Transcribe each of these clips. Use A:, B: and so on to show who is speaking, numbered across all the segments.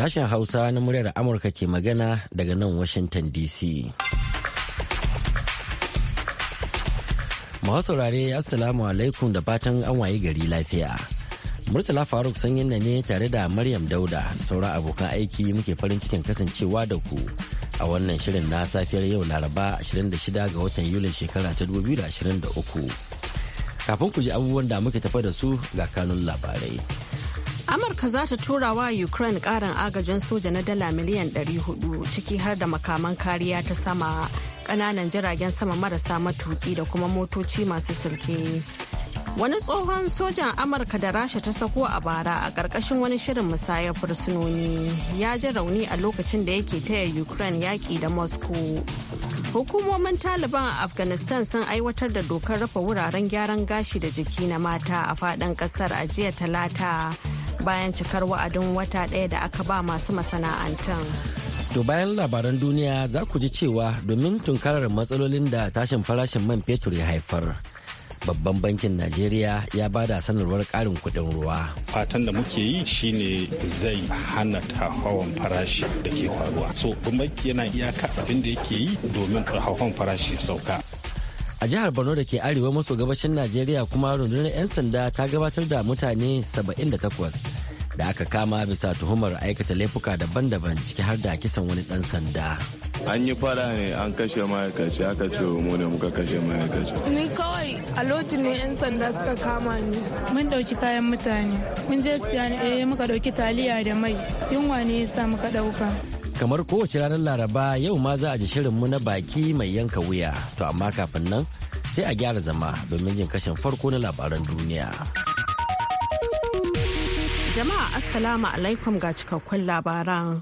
A: Sashen Hausa na muryar Amurka ke magana daga nan Washington DC. saurare Assalamu alaikum da fatan an waye gari lafiya. Murtala Faruk sanyin na ne tare da Maryam Dauda da sauran abokan aiki muke farin cikin kasancewa da ku a wannan shirin na safiyar yau Laraba 26 ga watan Yulin shekara ta 2023. Kafin ku ji abubuwan da muke tafa da su ga kanun labarai.
B: Amurka za ta tura wa Ukraine karin agajin soja na dala miliyan 400 ciki har da makaman kariya ta sama ƙananan jiragen sama marasa matuki da kuma motoci masu sulke. Wani tsohon sojan Amurka da Rasha ta sako a bara a ƙarƙashin wani shirin musayar fursunoni ya ji rauni a lokacin da yake taya Ukraine yaƙi da Moscow. Hukumomin Taliban a Afghanistan sun aiwatar da dokar rufe wuraren gyaran gashi da jiki na mata a faɗin ƙasar a jiya talata bayan cikar wa'adin wata ɗaya da aka ba masu masana'antar.
A: To bayan labaran duniya za ku ji cewa domin tunkarar matsalolin da tashin farashin man fetur ya haifar. Babban bankin Najeriya ya ba da sanarwar ƙarin kuɗin ruwa.
C: Fatan da muke yi shine zai hana hawan farashi da ke faruwa. So, banki yana iyaka abin da yake yi domin hawan farashi sauka.
A: a jihar borno da ke arewa maso gabashin najeriya kuma rundunar 'yan sanda ta gabatar da mutane 78 da aka kama bisa tuhumar aikata laifuka daban-daban ciki har da kisan wani dan sanda
D: an yi fara ne an kashe ma'aikaci aka ce mu ne muka kashe ma'aikaci
E: ni kawai a lotin ne 'yan sanda suka kama ni
B: mun dauki kayan mutane mun je siya ne eh, muka dauki taliya da mai yunwa ne ya sa muka dauka
A: kamar kowace ranar laraba yau ma za a ji shirin mu na baki mai yanka wuya to amma kafin nan sai a gyara zama domin jin kashin farko na labaran duniya
B: jama'a assalamu alaikum ga cikakkun labaran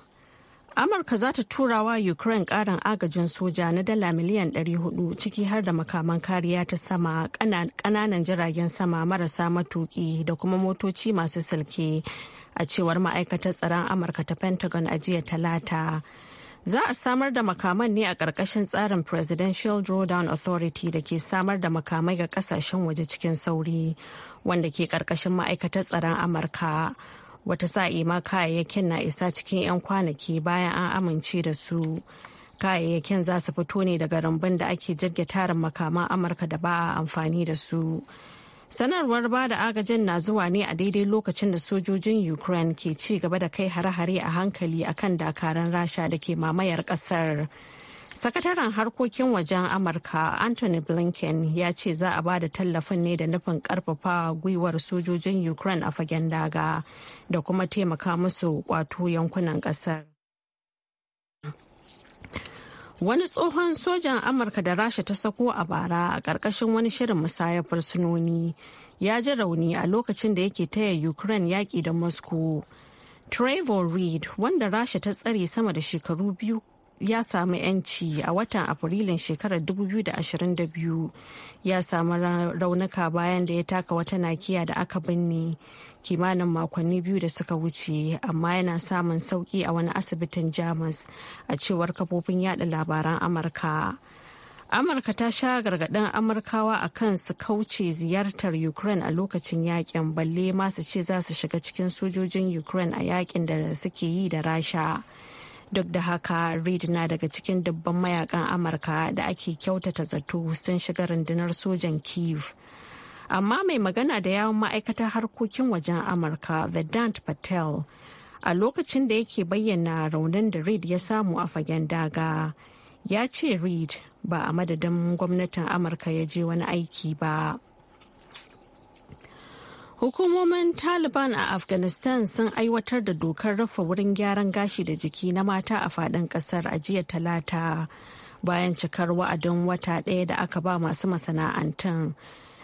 B: Amurka za ta tura wa Ukraine ƙarin agajin soja na dala miliyan 400 ciki har da makaman kariya ta sama ƙananan jiragen sama marasa matuƙi da kuma motoci masu silke a cewar ma'aikatar tsaron Amurka ta Pentagon a jiya talata. Za a samar da makaman ne a ƙarƙashin tsarin Presidential Drawdown Authority da ke samar da makamai ga ƙasashen waje cikin sauri wanda ke ƙarƙashin ma'aikatar tsaron Amurka. wata sa'i ma kayayyakin na isa cikin 'yan kwanaki bayan an amince da su kayayyakin za su fito ne daga rambun da ake jirge tarin makaman amurka da ba a amfani da su sanarwar ba da agajin na zuwa ne a daidai lokacin da sojojin ukraine ke ci gaba da kai hare-hare a hankali akan dakarun rasha da ke mamayar kasar. sakataren harkokin wajen amurka anthony blinken ya ce za a ba da tallafin ne da nufin karfafa gwiwar sojojin ukraine a fagen daga da kuma taimaka musu kwato yankunan kasar wani tsohon sojan amurka da rasha ta sako a bara a ƙarƙashin wani shirin musayar fursunoni ya ji rauni a lokacin da yake taya ukraine yaƙi da moscow trevor reed wanda rasha ta tsare sama da shekaru biyu ya samu 'yanci a watan afrilun shekarar 2022 ya samu raunuka bayan da ya taka wata nakiya da aka binne kimanin makonni biyu da suka wuce amma yana samun sauki a wani asibitin jamus a cewar kafofin yada labaran amurka amurka ta sha gargaɗin amurkawa a kan su kauce ziyartar ukraine a lokacin yakin balle masu ce za su shiga cikin sojojin ukraine a yakin da suke yi da rasha duk da haka reid na daga cikin dubban mayakan amurka da ake kyautata zato sun shiga rundunar sojan kiev amma mai magana da yawon ma'aikatar harkokin wajen amurka vedant patel a lokacin da yake bayyana raunin da reid ya samu a fagen daga ya ce reid ba a madadin gwamnatin amurka ya je wani aiki ba Hukumomin Taliban a Afghanistan sun aiwatar da dokar rufe wurin gyaran gashi da jiki na mata a faɗin ƙasar a jiya talata bayan cikar wa'adin wata ɗaya da aka ba masu masana'antun.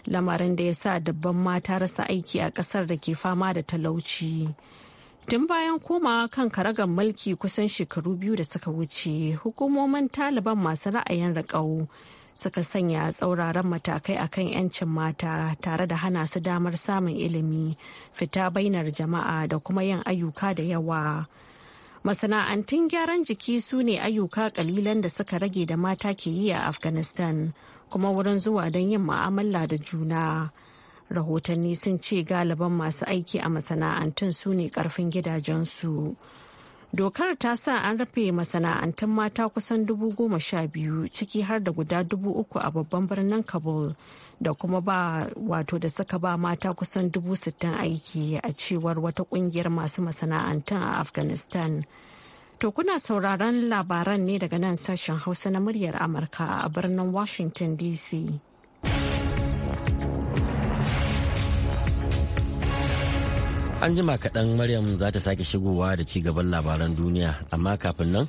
B: Lamarin da ya sa dabban mata rasa aiki a ƙasar da ke fama da talauci. Tun bayan komawa kan karagar mulki kusan shekaru biyu da suka wuce, hukumomin Taliban masu ra'ayin riƙau suka sanya tsauraran matakai akan 'yancin mata tare da hana su damar samun ilimi fita bainar jama'a da kuma yin ayyuka da yawa masana'antun gyaran jiki su ne ayyuka kalilan da suka rage da mata ke yi a afghanistan kuma wurin zuwa don yin ma'amala da juna rahotanni sun ce galiban masu aiki a masana'antun su ne karfin gidajensu. dokar ta sa an rufe masana'antun mata kusan dubu goma sha biyu ciki har da guda dubu uku a babban birnin kabul da kuma ba wato da suka ba mata kusan dubu sittin aiki a cewar wata kungiyar masu masana'antun a afghanistan to kuna sauraron labaran ne daga nan sashen hausa na muryar amurka a birnin washington dc
A: an jima kaɗan maryam za ta sake shigowa da ci gaban labaran duniya amma kafin nan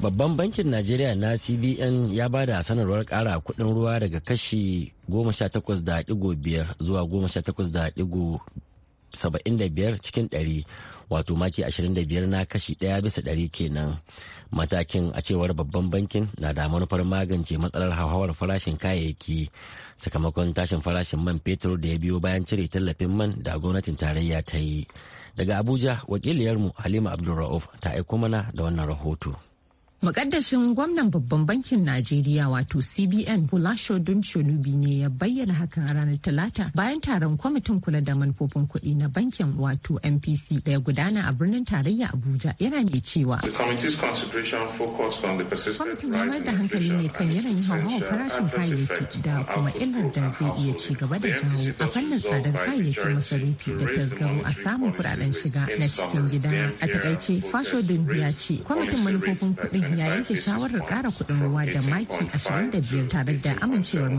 A: babban bankin najeriya na cbn ya ba da sanarwar ƙara kuɗin ruwa daga kashi 18.5 zuwa 18.5 75 cikin 100 wato maki 25 na kashi ɗaya bisa ɗari kenan matakin a cewar babban bankin na da manufar magance matsalar hauhawar farashin kayayyaki sakamakon tashin farashin man fetur da ya biyo bayan cire tallafin man da gwamnatin tarayya ta yi daga abuja wakiliyarmu halima abdulra'uf ta aiko mana da wannan rahoto
F: Mukaddashin gwamnan babban bankin Najeriya wato CBN Bulachodun Shonubi ne ya bayyana hakan a ranar Talata bayan taron kwamitin kula da manufofin kuɗi na bankin wato MPC da ya gudana a birnin tarayya Abuja yana mai cewa.
C: Kwamitin ya mayar da hankali ne
F: kan yanayin hauhawar farashin kayayyaki da kuma illar da zai iya ci gaba da jawo a fannin tsadar kayayyakin masarufi da tasgaro a samun kuɗaɗen shiga na cikin gida. A takaice Fashodun ya ce kwamitin manufofin kuɗi ya yanke shawarar kara kuɗin ruwa da maki 25 tare da amincewar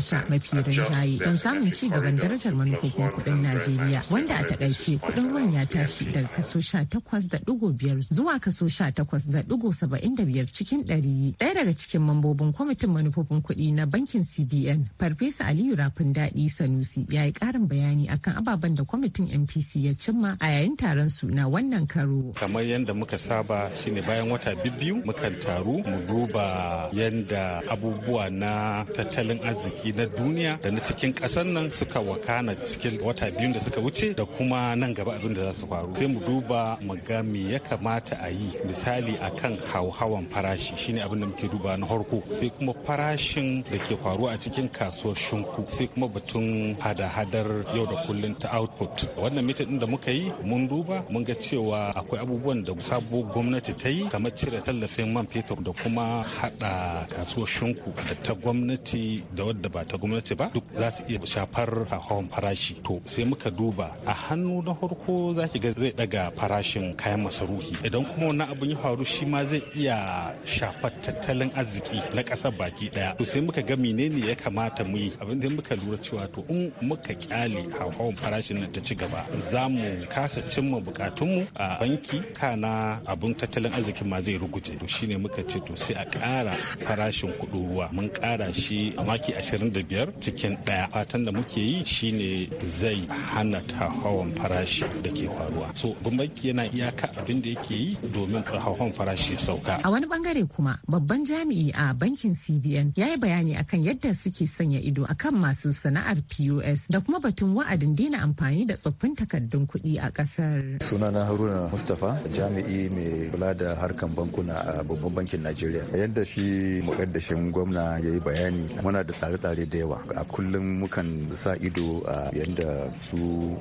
F: sa mafi rinjaye don samun ci gaban darajar manufofin kuɗin Najeriya wanda a takaice kuɗin ruwan ya tashi daga kaso 18.5 zuwa kaso 18.75 cikin 100. Ɗaya daga cikin mambobin kwamitin manufofin kuɗi na bankin CBN Farfesa Aliyu Rafin Daɗi Sanusi ya yi ƙarin bayani akan ababen da kwamitin mpc ya cimma a yayin taron su na wannan karo.
C: Kamar yadda muka saba shine bayan wata biyu mukan taru mu duba yadda abubuwa na tattalin arziki na duniya da na cikin ƙasar nan suka wakana cikin wata biyu da suka wuce da kuma nan gaba abin da za su faru sai mu duba mu ga me ya kamata a yi misali akan hawan farashi shine abin da muke duba na harko sai kuma farashin da ke faruwa a cikin kasuwar shinku sai kuma batun hada-hadar yau da kullun ta output wannan mitin din da muka yi mun duba mun ga cewa akwai abubuwan da sabuwar gwamnati ta yi kamar cire tallafin arzikin man fetur da kuma hada kasuwar shinku da ta gwamnati da wadda ba ta gwamnati ba duk za su iya shafar hawan farashi to sai muka duba a hannu na farko za ki ga zai daga farashin kayan masarufi idan kuma wani abin ya faru shi ma zai iya shafar tattalin arziki na kasar baki daya to sai muka ga menene ya kamata mu yi abin da muka lura cewa to in muka kyale hawan farashin nan ta ci gaba za mu kasa cimma bukatunmu a banki kana abin tattalin arzikin ma zai ruguje shine muka ce to sai a ƙara farashin kuɗin ruwa mun ƙara shi a maki 25 cikin ɗaya fatan da muke yi shine zai hana ta hawan farashi da ke faruwa so gwamnati yana iyaka abin da yake yi domin hawan farashi sauka a
F: wani bangare kuma babban jami'i a bankin cbn ya yi bayani akan yadda suke sanya ido akan masu sana'ar pos da kuma batun wa'adin daina amfani da tsoffin takardun kuɗi a ƙasar
D: sunana haruna mustafa jami'i mai kula da harkan bankuna a babban bankin najeriya yadda shi mukaddashin gwamna ya yi bayani muna da tsare-tsare da yawa a kullum mukan sa ido a yadda su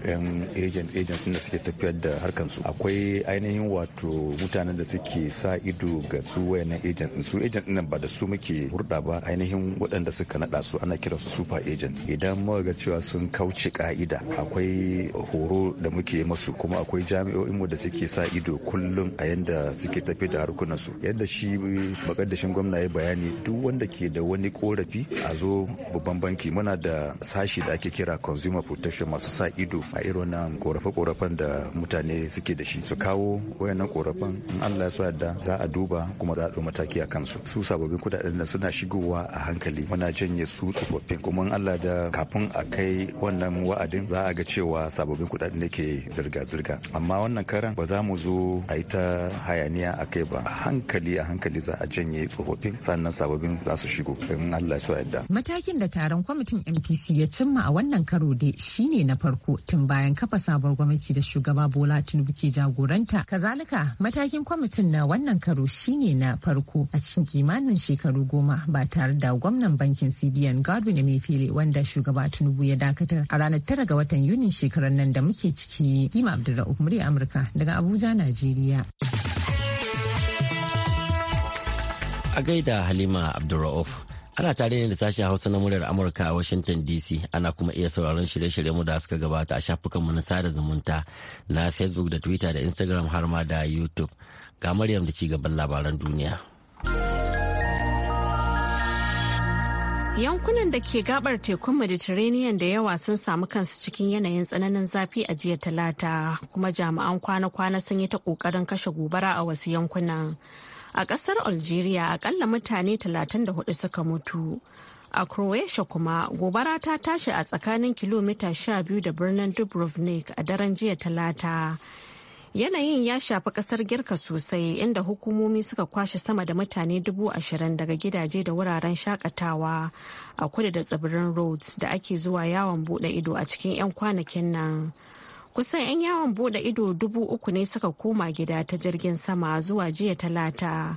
D: yan agent agents da suke tafiyar da harkar su akwai ainihin wato mutanen da suke sa ido ga su wayannan agent su agent nan ba da su muke hurɗa ba ainihin waɗanda suka naɗa su ana kira su super agent idan muka ga cewa sun kauce ka'ida akwai horo da muke masu kuma akwai jami'o'in mu da suke sa ido kullum a yadda suke tafiyar da harkunan su yadda shi makaddashin gwamna ya bayani duk wanda ke da wani korafi a zo babban banki muna da sashi da ake kira consumer protection masu sa ido a irin nan korafe-korafen da mutane suke da shi su kawo wayannan korafen in Allah ya yadda za a duba kuma za a ɗau mataki a kansu su sababbin kudaden da suna shigowa a hankali muna janye su tsofaffin kuma in Allah da kafin a kai wannan wa'adin za a ga cewa sababbin kudaden ne ke zirga-zirga amma wannan karan ba za mu zo a yi ta hayaniya a kai ba a hankali hankali a hankali za a janye tsofaffin sannan sababbin za su shigo in Allah ya yarda.
F: Matakin da taron kwamitin MPC ya cimma a wannan karo dai shine na farko tun bayan kafa sabuwar gwamnati da shugaba Bola Tinubu ke jagoranta. Kazalika matakin kwamitin na wannan karo shine na farko a cikin kimanin shekaru goma ba tare da gwamnan bankin CBN Godwin Emefiele wanda shugaba Tinubu ya dakatar a ranar tara ga watan Yunin shekarar nan da muke ciki. Hima Abdulrahman Murya Amurka daga Abuja, Najeriya.
A: A gaida Halima Abdulra'uf. Ana tare ne da sashen Hausa na muryar Amurka a Washington DC ana kuma iya sauraron shirye-shirye mu da suka gabata a shafukan mu na sada zumunta na Facebook da Twitter da Instagram har ma da YouTube. Ga Maryam da cigaban labaran duniya.
B: Yankunan da ke gabar tekun Mediterranean da yawa sun samu kansu cikin yanayin tsananin zafi a jiya talata kuma jami'an kwana-kwana sun yi ta kokarin kashe gobara a wasu yankunan. A ƙasar Algeria akalla mutane 34 suka mutu. A Croatia kuma gobara ta tashi a tsakanin kilomita 12 da birnin Dubrovnik a daren jiya talata. Yanayin ya shafi kasar Girka sosai inda hukumomi suka kwashe sama da mutane dubu ashirin daga gidaje da wuraren shakatawa a kudu da tsibirin Rhodes da ake zuwa yawon bude ido a cikin 'yan kwanakin nan. kusan 'yan yawon bude ido dubu uku ne suka koma gida ta jirgin sama zuwa jiya talata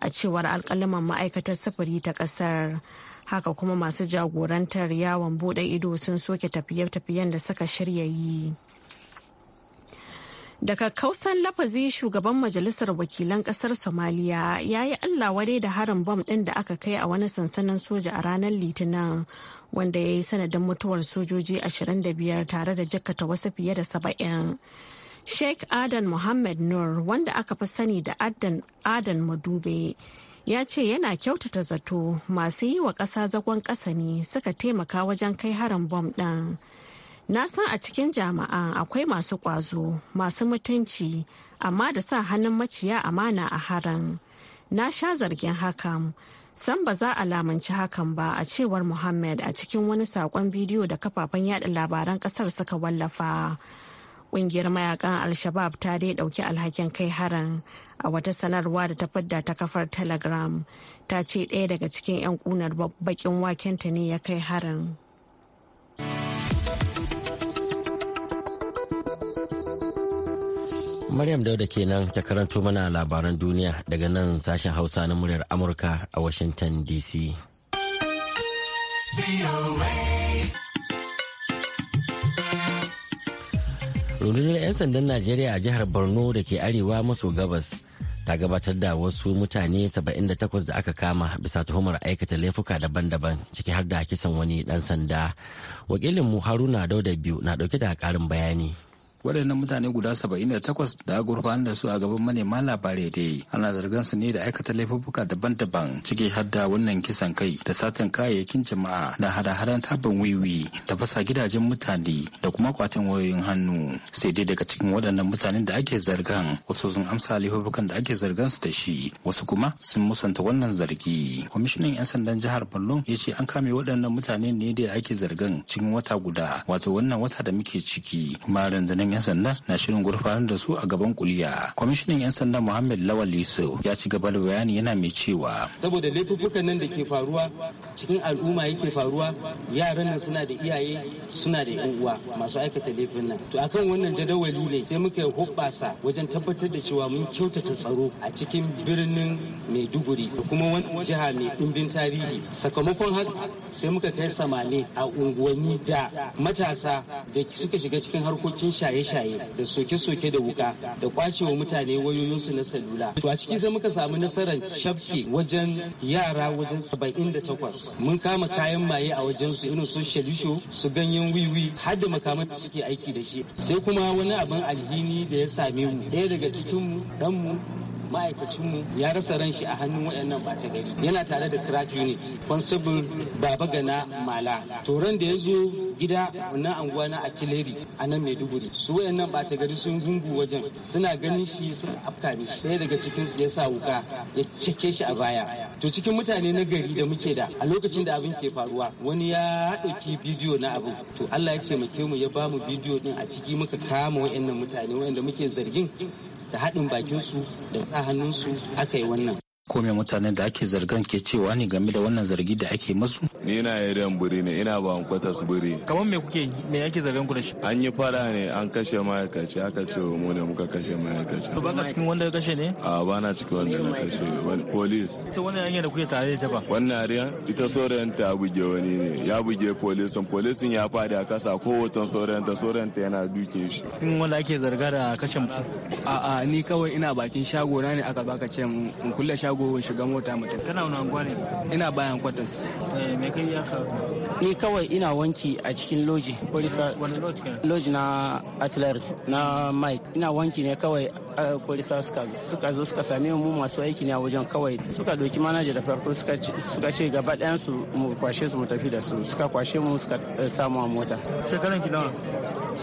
B: a cewar alkalaman ma'aikatar sufuri ta kasar haka kuma masu jagorantar yawon bude ido sun soke tafiye-tafiyen da suka shirya yi. Daga kausan lafazi shugaban majalisar wakilan kasar Somaliya ya yi Allah wadai da harin bom ɗin da aka kai a wani sansanin soja a ranar Litinin wanda ya yi sanadin mutuwar sojoji 25 tare da jakkata wasu fiye da saba'in. Sheikh Adan Mohammed Nur wanda aka fi sani da Adan Adan Madube ya ce yana kyautata zato masu yi wa ƙasa zagon ƙasa ne suka taimaka wajen kai harin bom ɗin. na san a cikin jama'a akwai masu ƙwazo masu mutunci amma da sa hannun maciya amana a haran na sha zargin hakan san ba za a lamunci hakan ba a cewar muhammad a cikin wani saƙon bidiyo da kafafen yada labaran ƙasar suka wallafa Ƙungiyar mayakan al-shabab ta dai ɗauki alhakin kai harin a wata sanarwa da ta fadda ta kafar telegram ta ce ɗaya daga cikin 'yan kunar bakin wakenta ne ya kai harin
A: Maryam Dauda kenan ta karanto mana labaran duniya daga nan sashen Hausa na muryar Amurka a Washington DC. rundunar 'yan sandan najeriya a jihar borno da ke arewa maso gabas ta gabatar da wasu mutane 78 da aka kama bisa tuhumar aikata laifuka daban-daban ciki har da kisan wani dan sanda wakilinmu haruna dauda biyu na dauke da karin
E: bayani waɗannan mutane guda saba'in da gurfanar da su a gaban manema labarai dai ana zargan su ne da aikata laifuffuka daban-daban ciki har da wannan kisan kai da satan kayayyakin jama'a da hada-hadan taban wiwi da fasa gidajen mutane da kuma kwatin wayoyin hannu sai dai daga cikin waɗannan mutanen da ake zargan wasu sun amsa laifuffukan da ake zargan su da shi wasu kuma sun musanta wannan zargi kwamishinan 'yan sandan jihar borno ya ce an kame waɗannan mutane ne da ake zargan cikin wata guda wato wannan wata da muke ciki kuma rundunar kwamishinan 'yan sanda na shirin gurfanar da su a gaban kuliya kwamishinan 'yan sanda muhammad lawal yusuf ya ci gaba da bayani yana mai cewa
G: saboda laifuffukan nan da ke faruwa cikin al'umma yake faruwa yaran nan suna da iyaye suna da yan uwa masu aikata laifin nan to akan wannan jadawali ne sai muka yi hoɓɓasa wajen tabbatar da cewa mun kyautata tsaro a cikin birnin maiduguri da kuma wani jiha mai ɗumbin tarihi sakamakon haka sai muka kai samane a unguwanni da matasa da suka shiga cikin harkokin shaye shaye-shaye da soke-soke da wuka da kwacewa mutane wayoyinsu na salula to a ciki sai muka samu nasarar shafke wajen yara wajen 78 mun kama kayan maye a wajen su irin su shalisho su ganyen wiwi har da makaman suke aiki da shi sai kuma wani abin alhini da ya same mu ɗaya daga cikin mu ɗanmu ma'aikacinmu ya rasa ran shi a hannun wayannan bata gari yana tare da crack unit constable baba gana mala toron da ya zo gida wannan anguwa na artillery a nan maiduguri su wayannan bata gari sun zungu wajen suna ganin shi sun afka shi sai daga cikin su ya sa wuka ya cike shi a baya to cikin mutane na gari da muke da a lokacin da abin ke faruwa wani ya ɗauki bidiyo na abu. to Allah ya ce mu ya bamu bidiyo din a ciki muka kama wayannan mutane wayanda muke zargin da haɗin bakinsu da sa hannunsu aka yi wannan
E: ko me mutanen da ake zargan ke cewa ne game da wannan zargi da ake masu
D: ni na yadan buri ne ina ba kwatas buri kamar me kuke
E: me ake zargan ku da shi
D: an yi fara ne an kashe ma'aikaci aka ce mu ne muka kashe ma'aikaci ba ka cikin wanda ya kashe ne a ba na cikin wanda na kashe police
E: ita wannan yanke da kuke tare da ta ba wannan
D: ariya ita soren ta buge wani ne ya buge polisin polisin ya a kasa ko hoton soren ta soren ta yana duke shi
E: in wanda ake zarga da kashe mutum a a ni kawai ina bakin shagona ne aka baka ce mu kullu shago shiga mota mutum kana wani anguwa ne ina bayan kwatas eh, me kai ya ka
A: ni kawai ina wanki a cikin loji wani loji na atler na mike ina wanki ne kawai polisa suka zo suka same
H: mu masu aiki ne a wajen kawai suka doki manaja da farko suka ce gaba ɗayan su mu kwashe su mu tafi da su suka kwashe mu suka eh, samu a mota shekaran ki nawa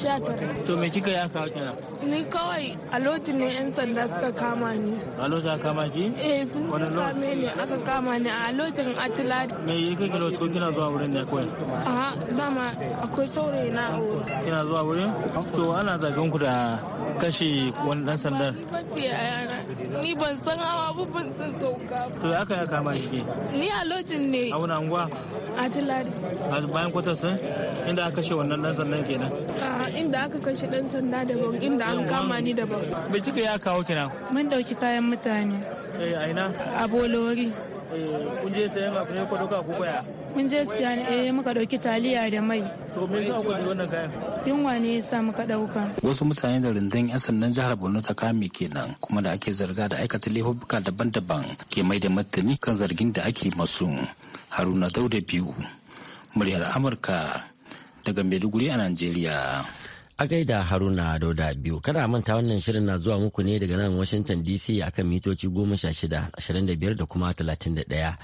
E: sha tara to me kika ya kawo kenan ni kawai a lotin ne yan sanda suka kama ni a lotin aka kama ki eh sun kama ni aka kama ni a lotin atlad. me yi kake loti ko kina zuwa wurin ne kawai a dama akwai saurayi na a wurin kina zuwa wurin to ana zagon ku da kashe wani dan sandan ni ban san hawa ba ban san sauka to ya aka ya kama shi ni a lojin ne a wani anguwa a tilari a bayan kwatar sun eh? inda aka kashe wannan dan sandan kenan a inda aka kashe dan sanda daban inda an kama ni daban bai cika ya kawo kina? mun dauki kayan mutane eh a ina a bolori Eh, kun je sayan abu ne ko koya
B: kun je siyan eh muka dauki taliya da mai
E: to me yasa ku da wannan kayan
B: yunwa ne yasa muka
C: dauka wasu
E: mutane da rundun yan sandan jihar Borno ta kame kenan kuma da ake zarga da aikata laifuka daban-daban ke mai da martani kan zargin da ake masu Haruna Dauda biyu
A: muryar Amurka daga Maiduguri a Najeriya A gaida Haruna Dauda biyu kada manta wannan shirin na zuwa muku ne daga nan Washington DC akan mitoci goma sha shida ashirin da biyar da kuma talatin da ɗaya.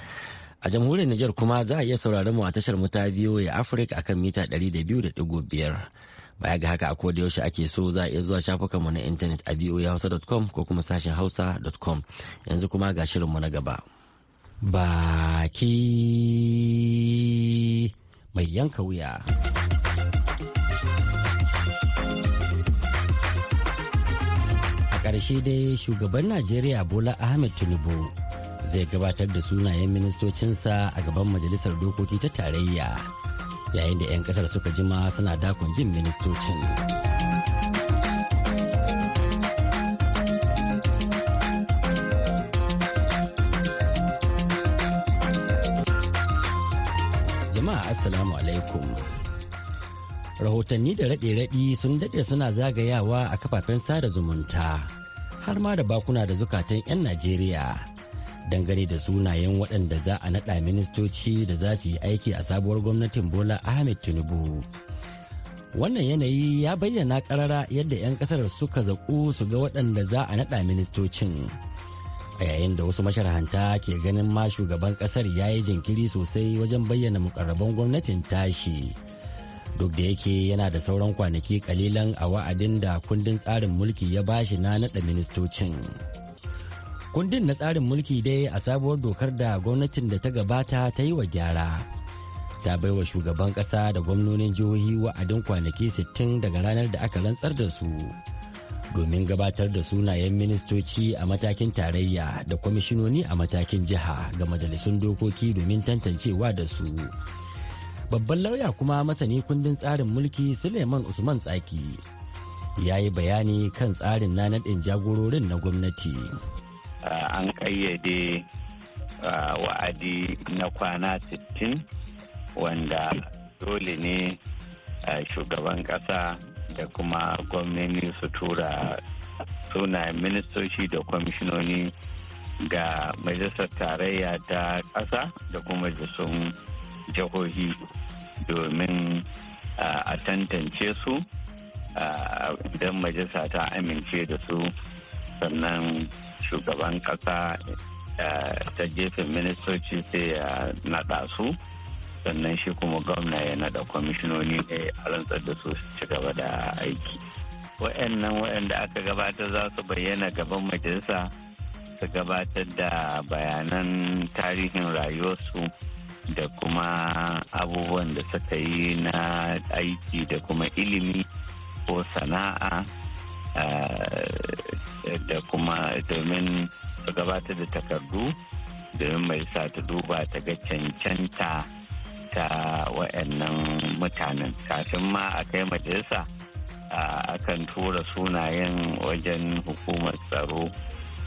A: A jamhuriyar Nijar kuma za a iya sauraron mu a tashar mu ta ya a akan mita ɗari da biyu da ɗigo biyar. Baya ga haka a da yaushe ake so za a iya zuwa shafukan mu na intanet a voahausa.com ko kuma sashen hausa.com yanzu kuma ga shirin mu na gaba. Baki mai yanka wuya. karshe dai shugaban najeriya bola ahmed tinubu zai gabatar da sunayen ministocinsa a gaban majalisar dokoki ta tarayya yayin da 'yan kasar suka jima suna dakon jin ministocin jama'a assalamu alaikum rahotanni da raɗe-raɗi sun daɗe suna zagayawa a kafafen sada zumunta har ma da bakuna da zukatan 'yan Najeriya. Dangane da sunayen waɗanda za a naɗa ministoci da za su yi aiki a sabuwar gwamnatin Bola Ahmed Tinubu. Wannan yanayi ya bayyana ƙarara yadda 'yan ƙasar suka zaƙu su ga waɗanda za a naɗa ministocin. a yayin da wasu masharhanta ke ganin ma shugaban ƙasar ya yi jinkiri sosai wajen bayyana mukarraban gwamnatin tashi duk da yake yana da sauran kwanaki kalilan a wa'adin da kundin tsarin mulki ya bashi na naɗa ministocin kundin na tsarin mulki dai a sabuwar dokar da gwamnatin da ta gabata ta yi wa gyara ta bai wa shugaban ƙasa da gwamnonin jihohi wa'adin kwanaki sittin daga ranar da aka rantsar da su domin gabatar da sunayen ministoci a matakin tarayya da kwamishinoni a matakin jiha ga majalisun dokoki domin tantancewa da su babban lauya kuma masani kundin tsarin mulki suleiman usman tsaki ya yi bayani kan tsarin na naɗin jagororin na gwamnati
H: an ƙayyade wa'adi na kwana 60 wanda dole ne shugaban ƙasa da kuma gwamnati su tura suna ministoci da kwamishinoni ga majalisar tarayya ta ƙasa da kuma majalisun jihohi domin a tantance su idan majalisa ta amince da su sannan shugaban kasa ta gefen ministoci sai ya naɗa su sannan shi kuma gwamna ya nada kwamishinoni ne a rantsar da su ci gaba da aiki wa'annan wa'anda aka gabata za su bayyana gaban majalisa su gabatar da bayanan tarihin rayuwarsu da kuma abubuwan da suka yi na aiki da kuma ilimi ko sana'a eh, da kuma domin su gabatar da takardu domin mai sa ta duba ta ga cancanta ta wa'annan mutanen kafin ma a kai majalisa a akan tura sunayen wajen hukumar tsaro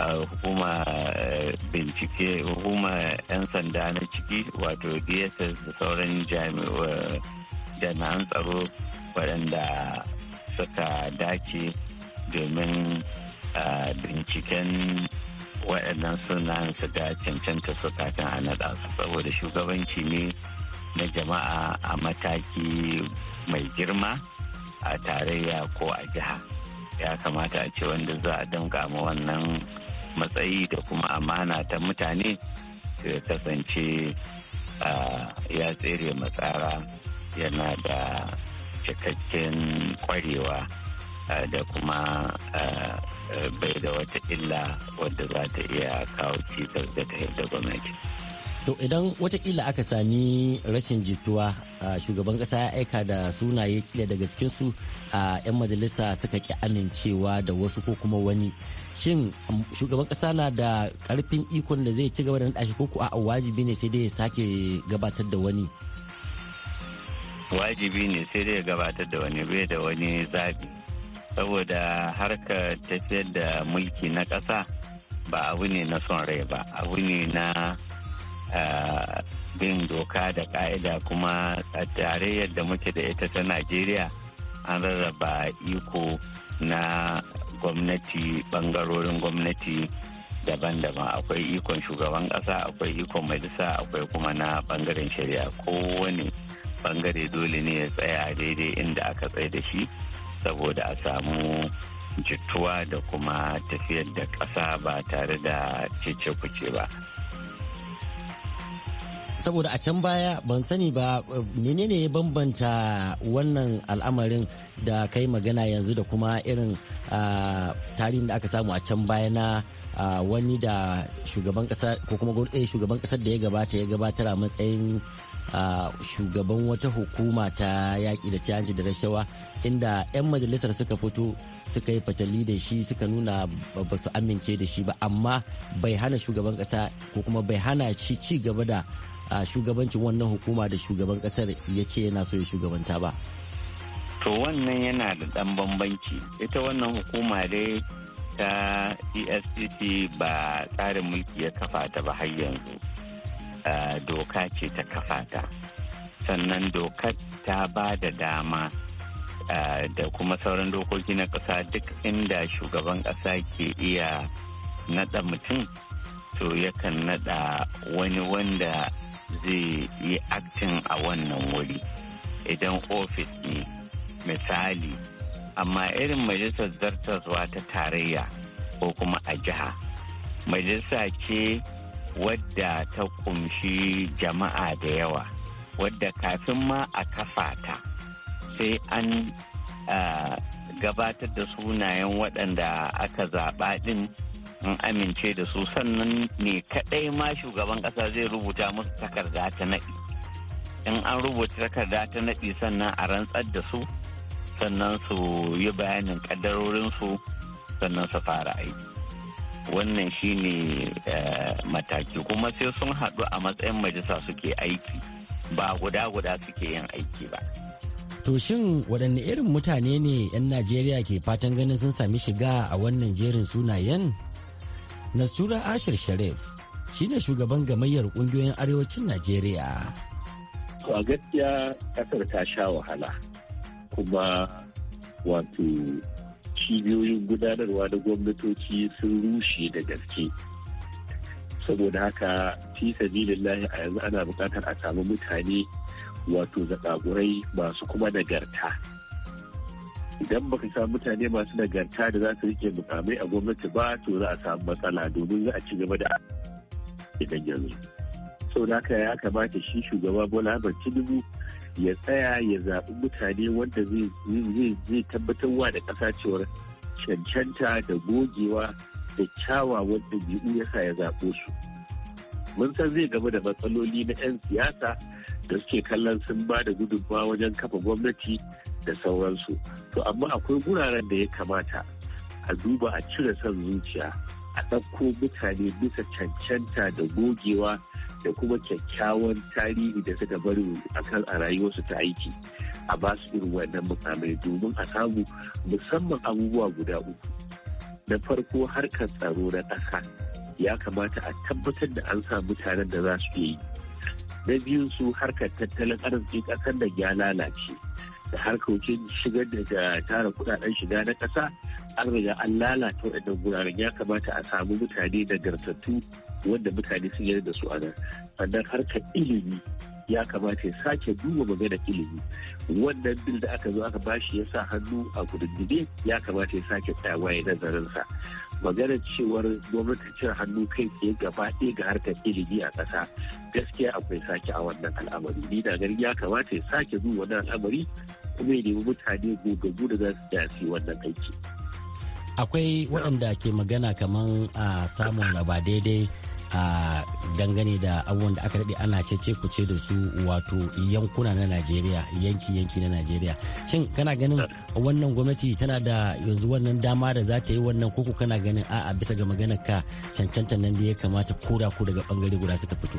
H: hukuma eh, bincike hukuma 'yan sanda na ciki wato dss da sauran jami'an tsaro waɗanda suka dace domin eh, binciken waɗannan sunan su da cancanta su kafin a naɗa su saboda shugabanci ne na jama'a a mataki mai girma a tarayya ko a jiha ya kamata a ce wanda za a damka ma wannan matsayi da kuma amana ta mutane ya kasance ya tsere matsara yana da cikakken kwarewa da kuma bai da wata illa wadda za ta iya kawo cikas da ta da gwamnati.
A: To idan watakila aka sami rashin jituwa shugaban kasa ya aika da sunaye kila daga cikinsu a 'yan majalisa suka ki amincewa da wasu ko kuma wani. Shin um, shugaban kasa na da karfin ikon da zai ci gaba da naɗa shi ko a wajibi ne sai dai ya sake gabatar da wani?
H: Wajibi ne sai dai ya gabatar da wani bai da wani zabi. Saboda harkar tafiyar da mulki na ƙasa ba abu ne na son rai ba abu ne na bin doka da ka'ida kuma tarayyar da muke da ita ta najeriya an rarraba iko na gwamnati bangarorin gwamnati daban-daban akwai ikon shugaban ƙasa akwai ikon majalisa akwai kuma na bangaren shari'a kowane bangare dole ne ya tsaya daidai inda aka tsaye da shi saboda a samu jituwa da kuma tafiyar da ƙasa ba tare da
I: cece kuce ba
A: saboda a can baya ban sani ba menene ya bambanta wannan al'amarin da kai magana yanzu da kuma irin tarihin da aka samu a can baya na wani da shugaban kasa ko kuma eh, shugaban kasar da ya gabata ya gabatar a matsayin shugaban wata hukuma ta yaƙi da canji da rashawa inda 'yan majalisar suka fito suka yi fatali da shi suka nuna ba su amince da shi ba amma bai hana shugaban kasa ko kuma bai hana shi ci gaba da a shugabancin wannan hukuma da shugaban kasar ya ce yana so ya shugabanta ba
H: to wannan yana da ɗan bambanci ita wannan hukuma dai ta efcc ba tsarin mulki ya kafa ta ba har yanzu doka ce ta kafa ta sannan dokar ta ba da dama da kuma sauran dokoki na ƙasa duk inda shugaban ƙasa ke iya naɗa mutum to yakan nada wani wanda zai yi aktin a wannan wuri idan ofis ne misali amma irin majalisar zartaswa ta tarayya ko kuma a jiha majalisa ce wadda ta kumshi jama'a da yawa wadda kafin ma a kafa ta sai an ah, gabatar da sunayen waɗanda aka zaɓa ɗin in amince da su sannan ne kadai ma shugaban kasa zai rubuta musu takarda ta naɗi in an rubuta takarda ta naɗi sannan a rantsar da su sannan su yi bayanin su sannan su fara aiki wannan shi ne eh, mataki kuma sai sun haɗu a matsayin majalisa suke aiki ba guda-guda suke yin aiki ba
A: to shin waɗanne irin mutane ne 'yan najeriya ke fatan ganin sun sami shiga a wannan jerin sunayen Nasura Ashir Sharif ne shugaban gamayyar ƙungiyoyin arewacin Najeriya.
I: a gaskiya ƙasar ta sha wahala kuma wato cibiyoyin gudanarwa da gwamnatoci sun rushe da gaske. Saboda haka fi sabilillahi a yanzu ana bukatar a samu mutane wato zakagurai masu kuma nagarta. idan baka sa mutane masu nagarta da za su rike mukamai a gwamnati ba to za a samu matsala domin za a ci gaba da idan yanzu sau da haka ya kamata shi shugaba bola ahmad tinubu ya tsaya ya zaɓi mutane wanda zai tabbatar wa da ƙasa cewar cancanta da gogewa da kyawawan ɗabi'u ya sa ya zaɓo su mun san zai gaba da matsaloli na 'yan siyasa da suke kallon sun ba da gudunmawa wajen kafa gwamnati da sauransu to amma akwai guraren da ya kamata a duba a cire son zuciya a ɗauko mutane bisa cancanta da gogewa da kuma kyakkyawan tarihi da suka bari akan a rayuwarsu ta aiki a ba su irin wannan mukamai domin a samu musamman abubuwa guda uku na farko harkar tsaro na ƙasa ya kamata a tabbatar da an sa mutanen da za su yi na biyun su harkar tattalin arzikin ƙasar da ya lalace da harkokin shigar da tara kudaden shiga na kasa an riga an lalata waɗannan guraren ya kamata a samu mutane da gartattu wanda mutane sun yarda da su a nan sannan harkar ilimi ya kamata ya sake duba maganar ilimi wannan bil da aka zo aka bashi ya sa hannu a gudundube ya kamata ya sake tsayawa ya nazarinsa maganar cewar gwamnati cin hannu kai tsaye gaba ɗaya ga harkar ilimi a ƙasa gaskiya akwai sake a wannan al'amari ni da gari ya kamata ya sake zuwa wannan al'amari kuma ya nemi mutane gobe da za su jasi wannan aiki.
A: akwai waɗanda ke magana kaman a ah, samun raba daidai a dangane da abubuwan da aka daɗe ana cece ku ce da su wato yankuna na najeriya yanki yanki na najeriya shin kana ganin wannan gwamnati tana da yanzu wannan dama da za ta yi wannan koko kana ganin a bisa ga maganar ka cancanta nan da ya kamata kura ku daga bangare guda suka fito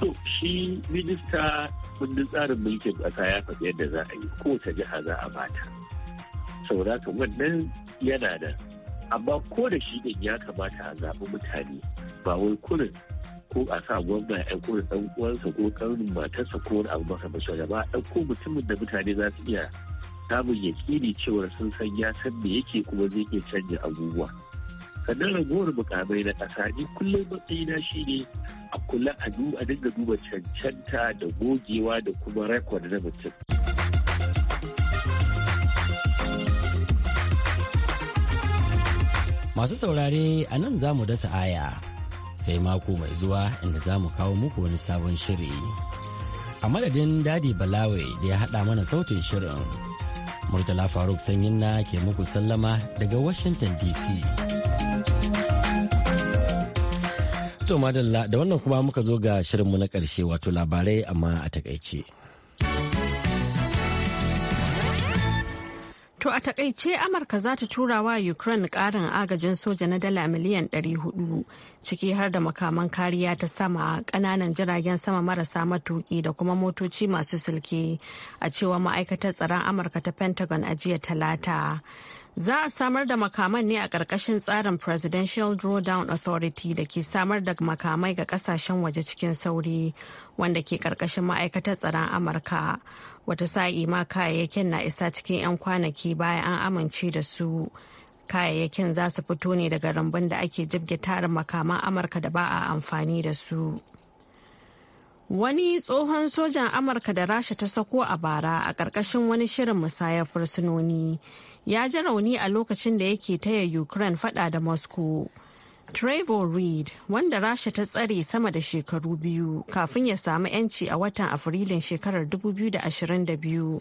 I: to shi minista kundin tsarin mulkin ƙasa ya faɗi yadda za a yi kowace jiha za a bata saboda wannan yana da amma ko da shi din ya kamata a zaɓi mutane ba wai kurin ko a sa gwamna ya ko ɗan uwansa ko ƙarnin matarsa ko wani abu maka masu ba a ko mutumin da mutane za su iya samun yaƙini cewa sun san ya san me yake kuma zai iya canja abubuwa sannan ragowar mukamai na ƙasa ni kullum na shi ne a kula a dinga duba cancanta da gogewa da kuma rekod na mutum.
A: Masu saurare a nan za mu dasa aya sai mako mai zuwa inda za mu kawo muku wani sabon shiri. A madadin Dadi Balawe da ya haɗa mana sautin shirin. Murtala Faruk Sanyin na ke muku sallama daga Washington DC. To madalla da wannan kuma muka zo ga shirinmu na ƙarshe wato labarai amma a takaice.
B: To a takaice Amurka za ta tura wa Ukraine karin agajin soja na dala miliyan 400 ciki har da makaman kariya ta sama kananan jiragen sama marasa matuki da kuma motoci masu sulke a cewa ma'aikatar tsaron Amurka ta Pentagon a jiya talata. Za a samar da makaman ne a ƙarƙashin tsarin Presidential Drawdown Authority da ke samar da makamai ga ƙasashen waje cikin sauri wanda ke ƙarƙashin ma'aikatar tsaron Amurka. wata sa'i ma kayayyakin na isa cikin 'yan kwanaki bayan an amince da su kayayyakin za su fito ne daga rambun da ake jibge tarin makaman amurka da ba a amfani da su wani tsohon sojan amurka da rasha ta sako a bara a ƙarƙashin wani shirin musayar fursunoni ya ji rauni a lokacin da yake taya ukraine fada da moscow Trevor Reed, wanda Rasha ta tsare sama da shekaru biyu kafin ya samu 'yanci a watan Afrilun shekarar 2022,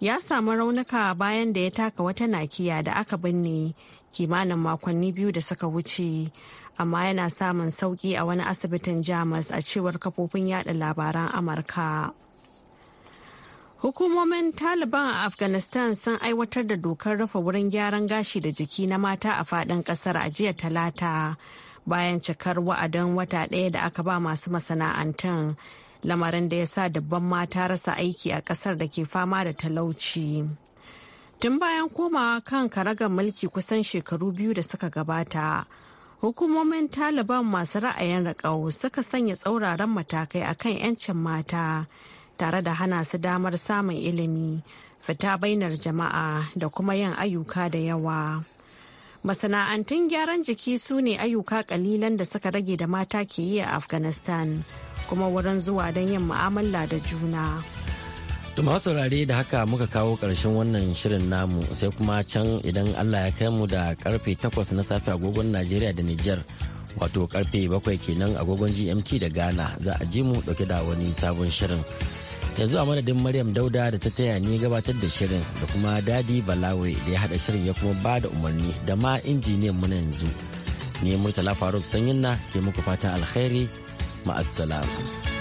B: ya samu raunuka bayan da ya taka wata nakiya da aka binne kimanin makonni biyu da suka wuce, amma yana samun sauki a wani asibitin Jamus a cewar kafofin yada labaran Amurka. Hukumomin Taliban a Afghanistan sun aiwatar da dokar rufe wurin gyaran gashi da jiki na mata a faɗin ƙasar a jiya talata bayan cikar wa'adin wata ɗaya da aka ba masu masana'antun lamarin da ya sa dabban mata rasa aiki a ƙasar da ke fama da talauci. Tun bayan komawa kan karagar mulki kusan shekaru biyu da suka gabata. hukumomin taliban masu ra'ayin raƙau suka sanya tsauraran matakai akan 'yancin mata tare da hana su damar samun ilimi fita bainar jama'a da kuma yin ayyuka da yawa masana'antun gyaran jiki su ne ayyuka kalilan da suka rage da mata ke yi a afghanistan kuma wurin zuwa don yin mu'amala da juna
A: Tuma saurare da haka muka kawo karshen wannan shirin namu sai kuma can idan Allah ya kai mu da karfe 8 na safe agogon Najeriya da niger wato karfe 7 kenan agogon GMT da Ghana za a ji mu dauke da wani sabon shirin. yanzu a madadin maryam dauda da ta taya ni gabatar da shirin da kuma dadi balawe da ya hada shirin ya kuma ba da umarni da ma injiniyan mu na yanzu ne murtala faruk sanyin na ke muku fatan alkhairi ma'assalamu